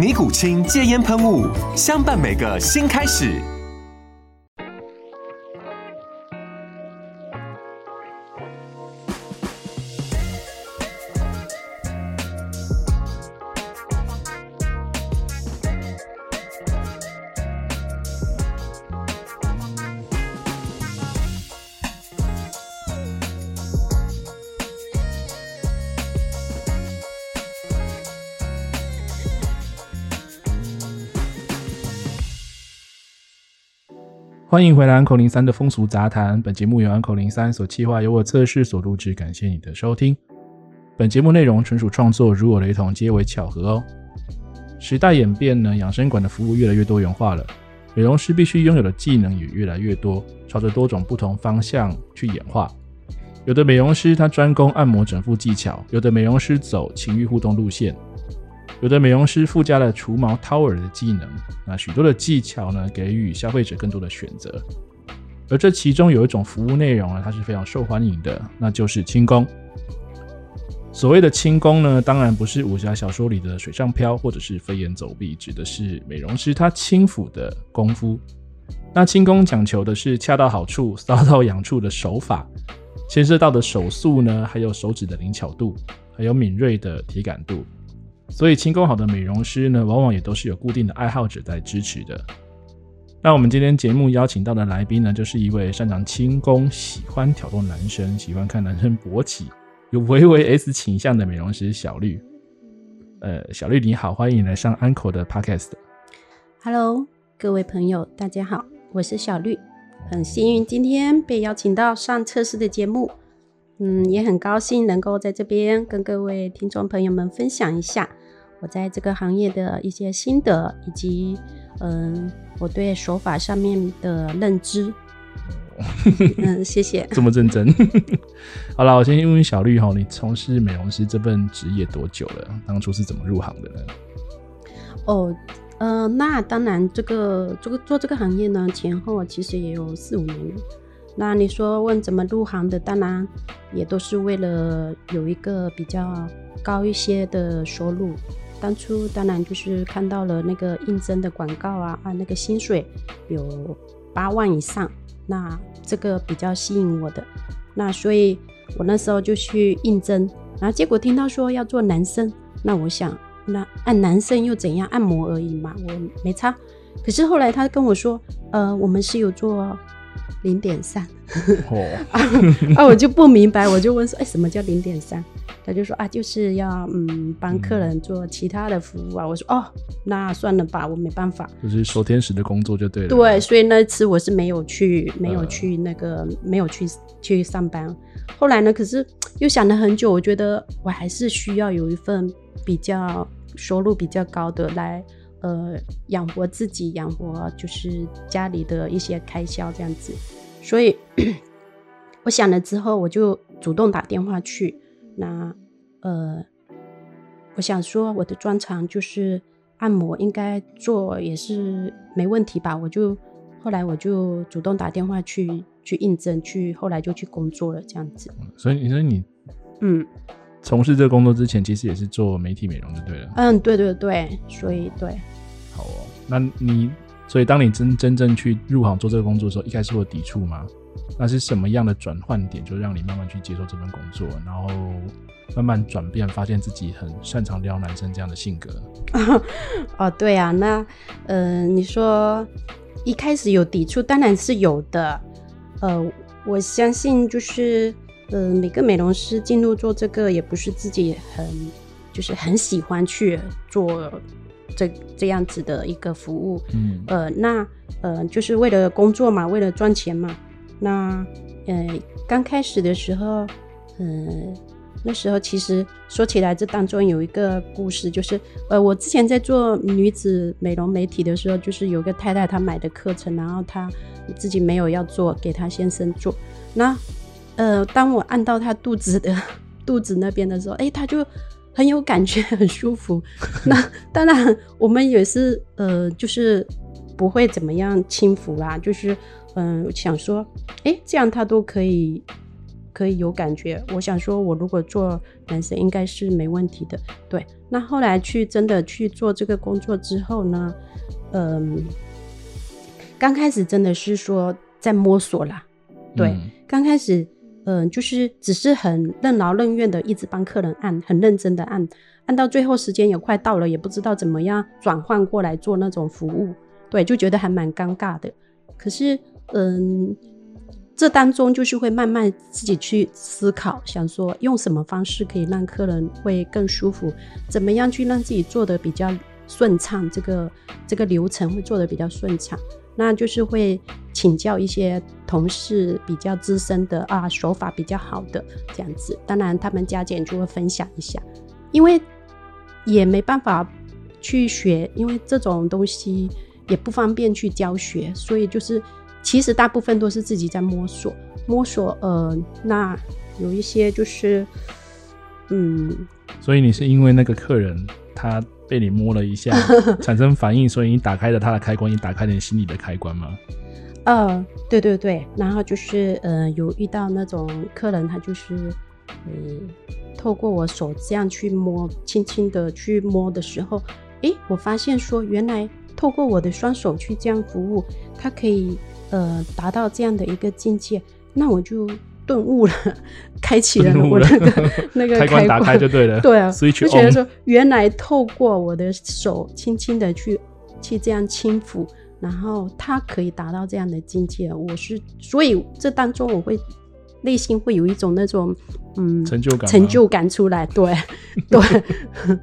尼古清戒菸噴霧，相伴每個新開始。歡迎回來，Uncle03 的風俗雜談。本節目由 Uncle03 所企劃，由我策士所錄製。感謝你的收聽。本節目內容純屬創作，如有雷同，皆為巧合哦。時代演變呢，養生館的服務越來越多元化了，美容師必須擁有的技能也越來越多，朝着多種不同方向去演化。有的美容師他專攻按摩整復技巧，有的美容師走情欲互動路線。有的美容師附加了除毛、掏耳的技能，那許多的技巧呢，給予消費者更多的選擇。而這其中有一種服務內容啊，它是非常受歡迎的，那就是輕功。所謂的輕功呢，當然不是武俠小說裡的水上飄或者是飛檐走壁，指的是美容師他輕撫的功夫。那輕功講求的是恰到好處、搔到癢處的手法，牽涉到的手速呢，還有手指的靈巧度，還有敏銳的體感度。所以，輕功好的美容師呢，往往也都是有固定的愛好者在支持的。那我們今天節目邀請到的來賓呢，就是一位擅長輕功、喜歡挑動男生、喜歡看男生勃起、有微微 S 傾向的美容師小綠。呃，小綠你好，歡迎你來上 Uncle 的 Podcast。Hello，各位朋友，大家好，我是小綠。很幸運今天被邀請到上策士的節目，嗯，也很高興能夠在這邊跟各位聽眾朋友們分享一下。我在這個行業的一些心得，以及嗯，我對手法上面的認知。嗯， 嗯，謝謝。這麼認真。 好了，我先問問小綠哈，你從事美容師這份職業多久了？當初是怎麼入行的呢？哦，呃，那當然，這個這個做，做這個行業呢，前後其實也有四五年了。那你說問怎麼入行的，當然也都是為了有一個比較高一些的收入。當初當然就是看到了那個應徵的廣告啊，那個薪水有八萬以上，那這個比較吸引我的，那所以我那時候就去應徵，然後結果聽到說要做男生，那我想那按男生又怎樣，按摩而已嘛，我沒差。可是後來他跟我說，呃，我們是有做。零點三，啊，我就不明白，我就問說，哎，什麼叫零點三？他就說啊，就是要嗯幫客人做其他的服務啊。嗯、我說哦，那算了吧，我沒辦法。就是守天使的工作就對了。對，所以那次我是沒有去，沒有去那個，呃、沒有去去上班。後來呢，可是又想了很久，我覺得我還是需要有一份比較收入比較高的來。呃，養活自己，養活就是家裡的一些開銷這樣子，所以 我想了之後，我就主動打電話去。那呃，我想說我的專長就是按摩，應該做也是沒問題吧。我就後來我就主動打電話去去應徵，去後來就去工作了這樣子。所以你說你嗯。從事這個工作之前，其實也是做媒體美容就對了。嗯，對對對，所以對。好哦，那你所以當你真真正去入行做這個工作的時候，一開始會有抵觸嗎？那是什麼樣的轉換點，就讓你慢慢去接受這份工作，然後慢慢轉變，發現自己很擅長撩男生這樣的性格？ 哦，對啊，那嗯、呃，你說一開始有抵觸，當然是有的。呃，我相信就是。呃，每個美容師進入做這個也不是自己很，就是很喜歡去做這這樣子的一個服務，嗯，呃，那呃，就是為了工作嘛，為了賺錢嘛。那呃，剛開始的時候，嗯、呃，那時候其實說起來，這當中有一個故事，就是呃，我之前在做女子美容美體的時候，就是有個太太她買的課程，然後她自己沒有要做，給她先生做，那。呃，當我按到他肚子的肚子那邊的時候，誒、欸，他就很有感覺，很舒服。那當然，我們也是呃，就是不會怎麼樣輕浮啦，就是嗯、呃，想說，誒、欸，這樣他都可以可以有感覺。我想說，我如果做男生，應該是沒問題的。對，那後來去真的去做這個工作之後呢，嗯、呃，剛開始真的是說在摸索啦，嗯、對，剛開始。嗯，就是只是很任勞任怨的，一直幫客人按，很認真的按，按到最後時間也快到了，也不知道怎麼樣轉換過來做那種服務，對，就覺得還蠻尷尬的。可是，嗯，這當中就是會慢慢自己去思考，想說用什麼方式可以讓客人會更舒服，怎麼樣去讓自己做得比較順暢，這個這個流程會做得比較順暢。那就是會請教一些同事比較資深的啊，手法比較好的這樣子。當然，他們加減就會分享一下，因為也沒辦法去學，因為這種東西也不方便去教學，所以就是其實大部分都是自己在摸索摸索。呃，那有一些就是嗯，所以你是因為那個客人他。被你摸了一下，產生反應，所以你打開了它的開關， 你打開了你心裡的開關嗎？嗯、呃，對對對，然後就是，嗯、呃，有遇到那種客人，他就是，嗯、呃，透過我手這樣去摸，輕輕的去摸的時候，哎，我發現說，原來透過我的雙手去這樣服務，它可以，呃，達到這樣的一個境界，那我就。頓悟了，開啟了，我那個那個開關，開關打開就對了，對啊，所以就覺得說，原來透過我的手輕輕的去去這樣輕撫，然後它可以達到這樣的境界，我是所以這當中我會內心會有一種那種嗯成就感，成就感出來，對 對，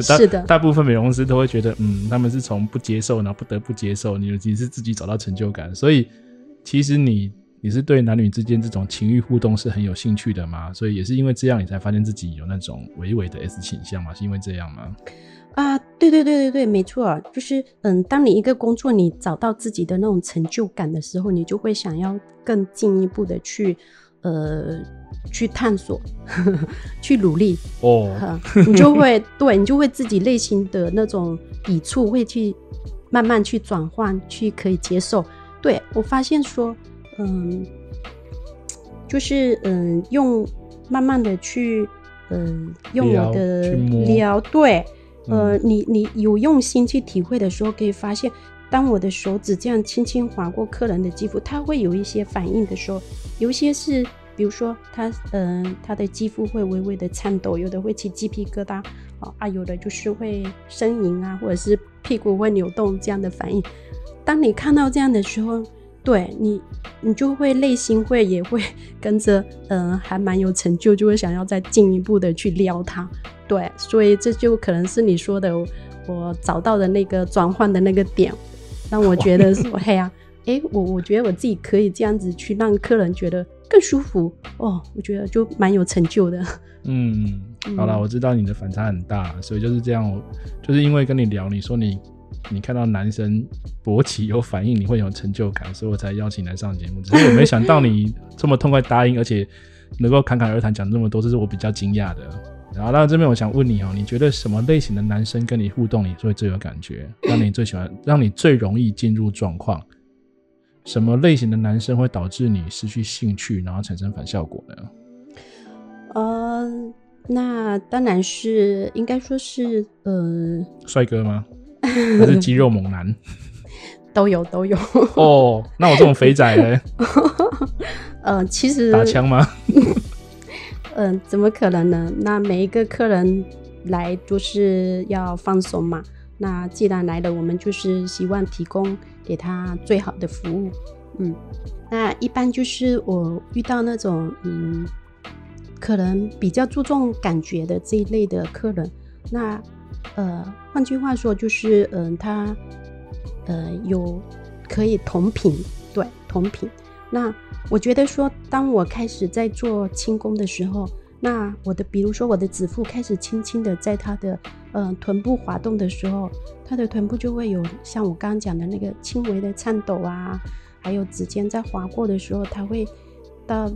是的，大，大部分美容師都會覺得嗯，他們是從不接受，然後不得不接受，你你是自己找到成就感，所以其實你。你是對男女之間這種情欲互動是很有興趣的嗎？所以也是因為這樣，你才發現自己有那種微微的 S 傾向嗎？是因為這樣嗎？啊，對對對對對，沒錯，就是嗯，當你一個工作你找到自己的那種成就感的時候，你就會想要更進一步的去呃去探索，呵呵去努力哦、oh. 嗯，你就會 對，你就會自己內心的那種抵觸會去慢慢去轉換，去可以接受。對，我發現說。嗯，就是嗯，用慢慢的去，嗯，用我的聊對，嗯、呃，你你有用心去體會的時候，可以發現，當我的手指這樣輕輕劃過客人的肌膚，他會有一些反應的時候，有些是，比如說他嗯，他、呃、的肌膚會微微的顫抖，有的會起雞皮疙瘩啊啊，有的就是會呻吟啊，或者是屁股會扭動這樣的反應。當你看到這樣的時候。對你，你就會內心會也會跟着，嗯、呃，還蠻有成就，就會想要再進一步的去撩他。對，所以這就可能是你說的，我找到的那個轉換的那個點，讓我覺得說哇嘿呀、啊，誒、欸，我我覺得我自己可以這樣子去讓客人覺得更舒服哦，我覺得就蠻有成就的。嗯，好了，我知道你的反差很大，所以就是這樣，我就是因為跟你聊，你說你。你看到男生勃起有反應，你會有成就感，所以我才邀請你來上節目。只是我沒想到你這麼痛快答應， 而且能夠侃侃而談講這麼多，這是我比較驚訝的。然後到這邊，我想問你哦、喔，你覺得什麼類型的男生跟你互動，你最最有感覺，讓你最喜歡， 讓你最容易進入狀況？什麼類型的男生會導致你失去興趣，然後產生反效果呢？呃，那當然是應該說是呃，帥哥嗎？還是肌肉猛男， 都有都有哦。Oh, 那我這種肥仔呢？嗯、 呃，其實打槍嗎？嗯、 呃，怎麼可能呢？那每一個客人來都是要放鬆嘛。那既然來了，我們就是希望提供給他最好的服務。嗯，那一般就是我遇到那種嗯，可能比較注重感覺的這一類的客人，那。呃，換句話說就是，嗯、呃，它，呃，有可以同頻，對，同頻。那我覺得說，當我開始在做輕功的時候，那我的，比如說我的指腹開始輕輕的在它的，嗯、呃，臀部滑動的時候，它的臀部就會有像我剛剛講的那個輕微的顫抖啊，還有指尖在劃過的時候，它會到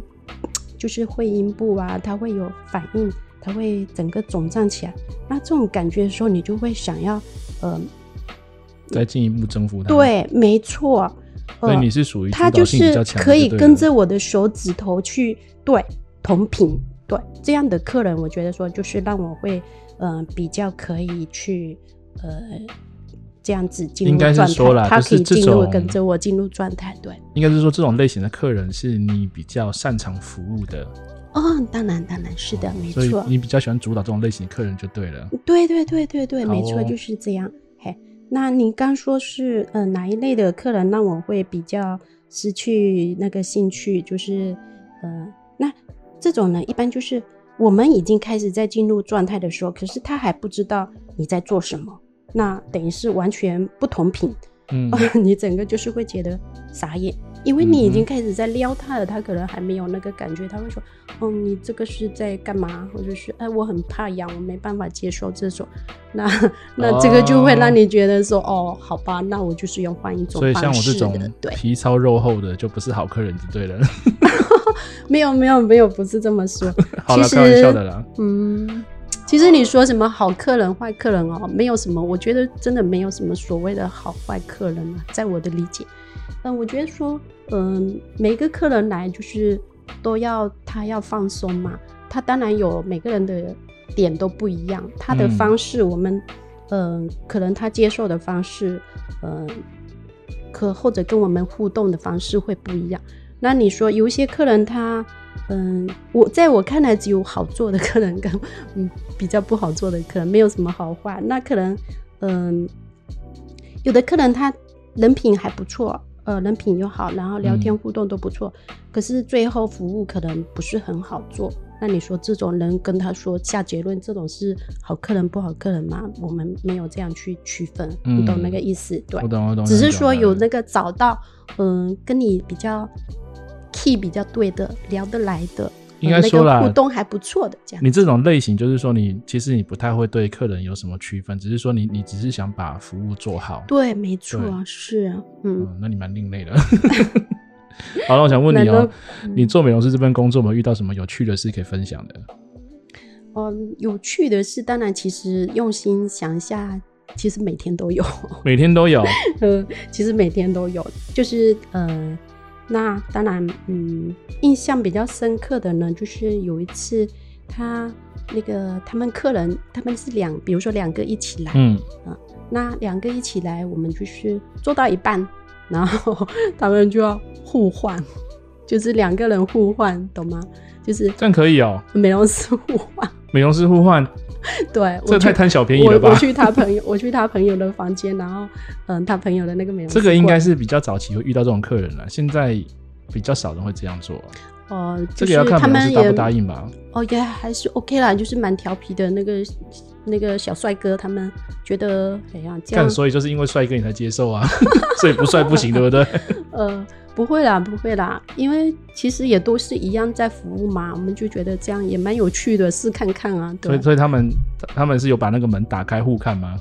就是會陰部啊，它會有反應。他會整個腫脹起來，那這種感覺的時候，你就會想要，呃，再進一步征服他。對，沒錯。呃、所以你是屬於他就是可以跟着我的手指頭去對同頻對，這樣的客人，我覺得說就是讓我會嗯、呃、比較可以去呃這樣子進入狀態，他可以進入跟着我進入狀態。對，應該是說這種類型的客人是你比較擅長服務的。哦，當然，當然是的，哦、沒錯。你比較喜歡主導這種類型的客人就對了。對對對對對，哦、沒錯，就是這樣。嘿，那你剛說是呃哪一類的客人讓我會比較失去那個興趣？就是呃，那這種呢，一般就是我們已經開始在進入狀態的時候，可是他還不知道你在做什麼，那等於是完全不同頻，嗯、哦，你整個就是會覺得傻眼。因為你已經開始在撩他了，嗯、他可能還沒有那個感覺，他會說：“哦，你這個是在幹嘛？”或者，就是“哎，我很怕癢，我沒辦法接受。”這種。那那這個就會讓你覺得說：“哦，哦，好吧，那我就是要換一種方式。”所以像我這種皮糙肉厚的，對厚的就不是好客人，就對了。 沒有沒有沒有，不是這麼說。 好了啦，開玩笑的嗯。好其實你說什麼好客人、壞客人哦，沒有什麼，我覺得真的沒有什麼所謂的好壞客人，啊、在我的理解。嗯，我覺得說，嗯，每個客人來就是都要他要放鬆嘛，他當然有每個人的點都不一樣，他的方式，我們，嗯，嗯，可能他接受的方式，嗯，可或者跟我們互動的方式會不一樣。那你說有一些客人他，嗯，我在我看來只有好做的客人跟嗯比較不好做的客人沒有什麼好壞，那可能嗯，有的客人他人品還不錯。呃，人品又好，然後聊天互動都不錯，嗯、可是最後服務可能不是很好做。那你說這種人跟他說下結論，這種是好客人不好客人嗎？我們沒有這樣去區分，嗯、你懂那個意思？對，我懂我懂，我懂我。只是說有那個找到，嗯，跟你比較 key 比較對的，聊得來的。應該說啦，嗯那個、互動還不錯的。這樣，你這種類型就是說你，你其實你不太會對客人有什麼區分，只是說你你只是想把服務做好。對，沒錯對是啊，嗯，嗯，那你蠻另類的。 好了，我想問你哦、喔，嗯、你做美容師這份工作，有沒有遇到什麼有趣的事可以分享的？嗯，有趣的事，當然，其實用心想一下，其實每天都有，每天都有。嗯，其實每天都有，就是嗯。那當然，嗯，印象比較深刻的呢，就是有一次，他那個他們客人他們是兩，比如說兩個一起來，嗯，啊，那兩個一起來，我們就是做到一半，然後他們就要互換，就是兩個人互換，懂嗎？就是這樣可以哦，美容師互換，美容師互換。 對，這太貪小便宜了吧我？我去他朋友，我去他朋友的房間，然後，嗯，他朋友的那個美容，這個應該是比較早期會遇到這種客人了，現在比較少人會這樣做，啊。哦，呃，就是，這個要看他們是答不答應吧。哦，也，oh yeah, 還是 OK 啦，就是蠻調皮的那個那個小帥哥，他們覺得怎樣？這樣看，所以就是因為帥哥你才接受啊， 所以不帥不行，對不對？ 呃。不會啦，不會啦，因為其實也都是一樣在服務嘛，我們就覺得這樣也蠻有趣的，試看看啊。對，所以，所以他們他們是有把那個門打開互看嗎？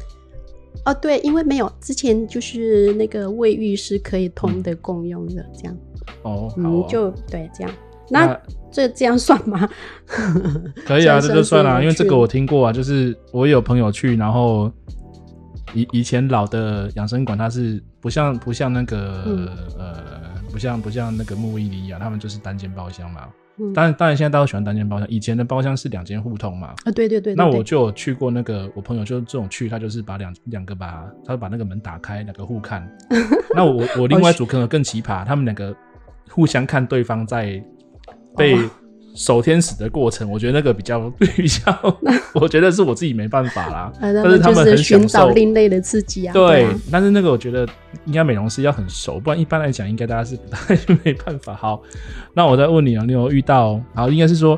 哦，對，因為沒有之前就是那個衛浴是可以通的、共用的，嗯、這樣。哦，嗯，哦、就對，這樣。那，那這這樣算嗎？ 可以啊，算算這就算啦，因為這個我聽過啊，就是我有朋友去，然後以以前老的養生館，它是不像不像那個呃。嗯不像不像那個木伊一啊，他們就是單間包廂嘛。嗯。當然當然，現在大家都喜歡單間包廂。以前的包廂是兩間互通嘛。啊，對對對。那我就有去過那個，我朋友就這種去，他就是把兩兩個吧，他把那個門打開，兩個互看。 那我我另外一組可能更奇葩， 他們兩個互相看對方在被。哦。手天使的過程，我覺得那個比較綠，比較 我覺得是我自己沒辦法啦。 但是他們很尋、呃、找另類的刺激啊。對，對啊、但是那個我覺得應該美容師要很熟，不然一般來講應該大家是 沒辦法。好，那我再問你啊，你有遇到，然後應該是說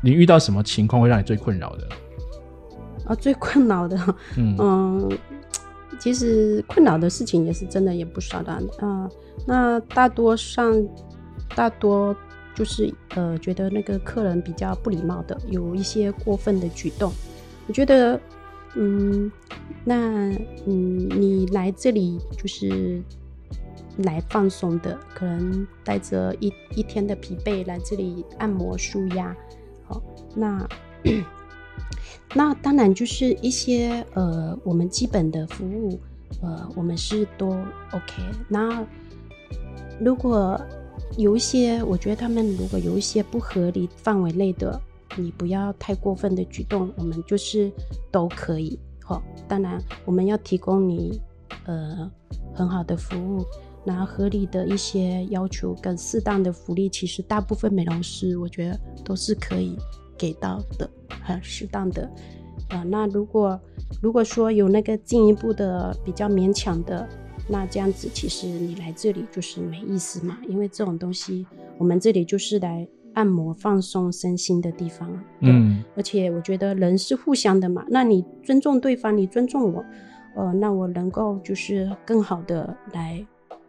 你遇到什麼情況會讓你最困擾的？啊，最困擾的，嗯，嗯，其實困擾的事情也是真的也不少的啊、呃。那大多上大多。就是呃，覺得那個客人比較不禮貌的，有一些過分的舉動。我覺得，嗯，那嗯，你來這裡就是來放鬆的，可能帶着一一天的疲憊來這裡按摩舒壓。好，那 那當然就是一些呃，我們基本的服務，呃，我們是都 OK。那如果。有一些，我覺得他們如果有一些不合理範圍內的，你不要太過分的舉動，我們就是都可以，吼、哦。當然，我們要提供你呃很好的服務，然後合理的一些要求跟適當的福利，其實大部分美容師我覺得都是可以給到的，很適當的。啊、呃，那如果如果說有那個進一步的比較勉強的。那這樣子，其實你來這裡就是沒意思嘛，因為這種東西，我們這裡就是來按摩放鬆身心的地方，嗯。而且我覺得人是互相的嘛，那你尊重對方，你尊重我，呃，那我能夠就是更好的來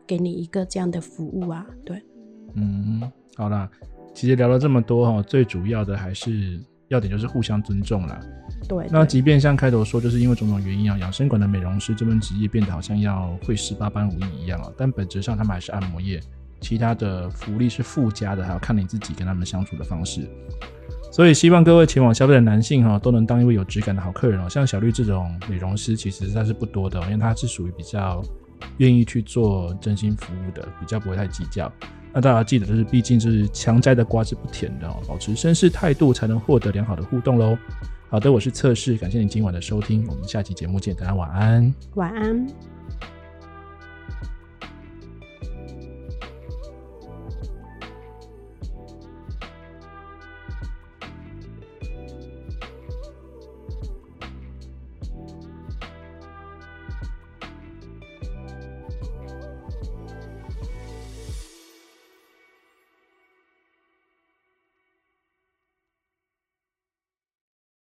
給你一個這樣的服務啊，對。嗯，好啦，其實聊了這麼多哈，最主要的還是，要點就是互相尊重啦。對,對,對。那即便像開頭說，就是因為種種原因啊、喔，養生館的美容師這份職業變得好像要會十八般武藝一樣啊、喔，但本質上他們還是按摩業，其他的福利是附加的，還要看你自己跟他們相處的方式。所以希望各位前往消費的男性哈、喔，都能當一位有質感的好客人哦、喔。像小綠這種美容師，其實他是不多的、喔，因為他是屬於比較。願意去做真心服務的，比較不會太計較。那大家記得，就是畢竟是強摘的瓜子不甜的哦、喔，保持紳士態度才能獲得良好的互動嘍。好的，我是策士，感謝你今晚的收聽，我們下期節目見，大家晚安，晚安。